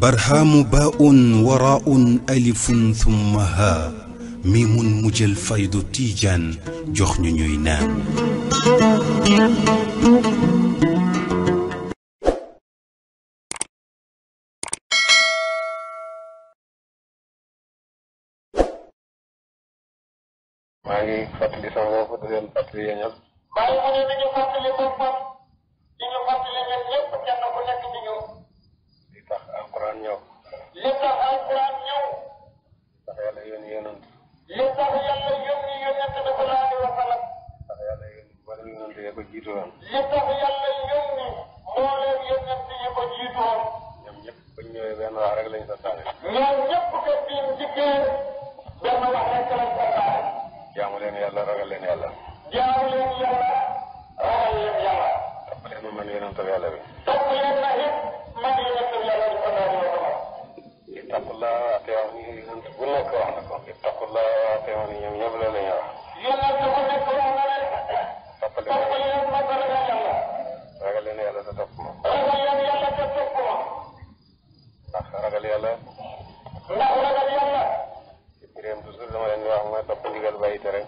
برهام باء وراء ألف ثم ها ميم مجل فيض تيجان جخن نينام ماغي فاتلي سما فاتلي يانيال ماغي فاتلي سما alquran ñëw. li tax alquran ñëw. ndax yàlla yónni yonent. li tax yàlla yónni yonent bi sallallahu alayhi wa sallam. ndax yàlla yónni mboolem yonent yi ko jiitu woon. li tax yàlla yónni mboolem yonent yi ko jiitu woon. ñoom ñëpp bañ ñëwee benn wax rek lañ santaane. ñoom ñëpp ko biir dikkee benn wax rek lañ santaane. jaamu leen yàlla ragal leen yàlla. jaamu leen yàlla ragal leen yàlla. topp leen ma man yonent yàlla bi. topp leen ma it. waaw ñun bunt bu nekk wax na ko. ittaqullah wa atiuni ñoom ñëpp loolu la ñuy wax. yonent bu nekk wax na leen. toppal leen ma ragal yàlla. ragal leen yàlla te topp ma. ragal leen yàlla te topp ma. ndax ragal yàlla. ndax ragal yàlla. ci biiram toujours dama leen di wax mooy topp ndigal bàyyi tere.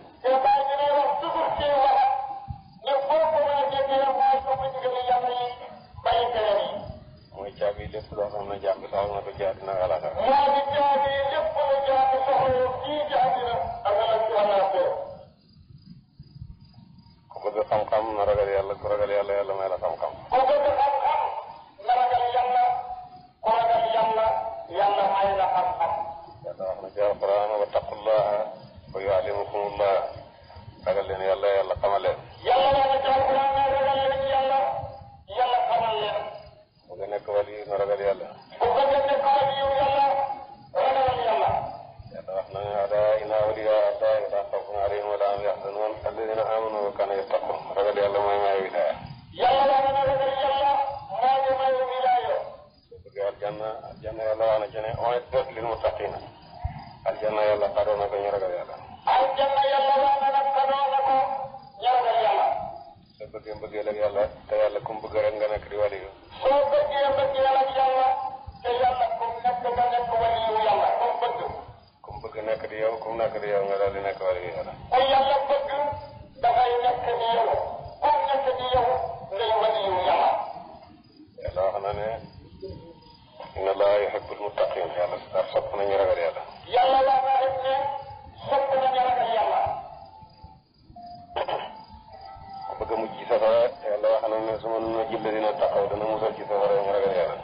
caabi yi lépp loo xam ne jàmm sax na ko ci àddina ak alaaka. ñaari caabi yi lépp lu jàmm soxla fii ci àddina ak alaaka. ku bëgg xam-xam na ragal yàlla ku ragal yàlla yàlla may la xam-xam. ku bëgg xam-xam na ragal yàlla ku ragal yàlla yàlla may la xam-xam. yàlla wax na ci alquran wa taqullaha wa yuallimukumullah ragal leen yàlla yàlla xamal leen. yàlla wax na ci alquran. nekk wali yu nga ragal yàlla. ku bëgg a nekk wali yu yàlla ragal yàlla. yàlla wax na ne alaa inna awliyaa llaahi laa xawfun alayhim wa laa hum yaxzanuun allaziina aamanuu wa kaanuu yattaquun ragal yàlla mooy maay wilaaya. yàlla wax na ne ragal yàlla moo di mayu wilaaya. su bëggee aljanna aljanna yàlla wax na ci ne uiddat lil muttaqiina. aljanna yàlla xaroon na ko ñu ragal yàlla. aljanna yàlla wax na nag xaroon na ko ñu ragal yàlla. su bëggee mbëggeel ak yàlla te yàlla ku mu bëgg rek nga nekk di ci ko dina taxaw dana musal ci safara ñu ragal yàlla.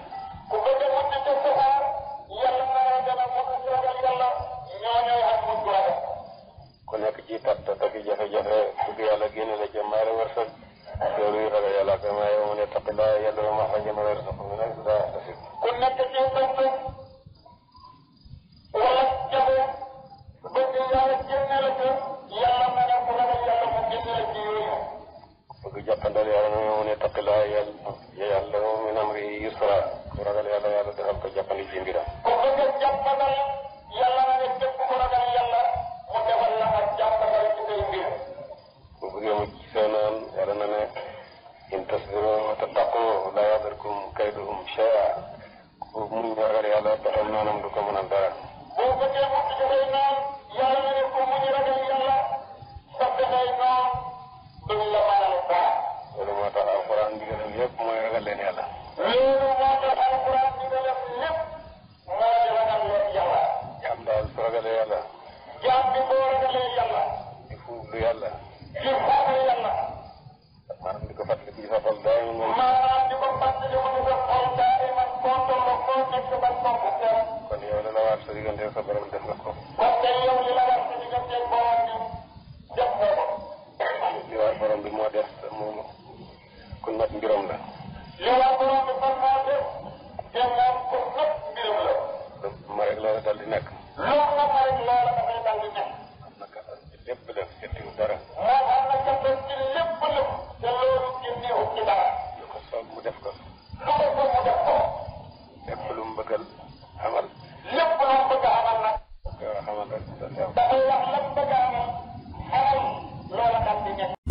ku bëgg a mucc ci safara yàlla na la gën a mën a ragal yàlla ñoo ñooy ak mucc ku nekk ci tat la ca maare wërsëg loolu yi ragal yàlla ak maay mu ne taqi laa yàlla nekk daa ku nekk wattaqillaaha yaj'al lahu min amrihi yusra ku ragal yàlla yàlla defal ko jàppandi ci mbiram. ku bëgg jàppandal alquran digalam yépp mooy ragal leen yàlla loolu moo tax alquran digalam lépp mooy ragal leen yàlla jaam daal su ragalee yàlla jaam bi boo ragalee yàlla di fuuglu yàlla di fuuglu yàlla maanaam di ko fàttaliku ci sa xol daa maanaam di ko fàttaliku ci sa xol daa man koo toll koo nekk ba koo ko teew kon yow li la war sa diggante sa borom def nga ko kon tey yow li la war sa diggante borom def nga ko li war borom bi moo def moo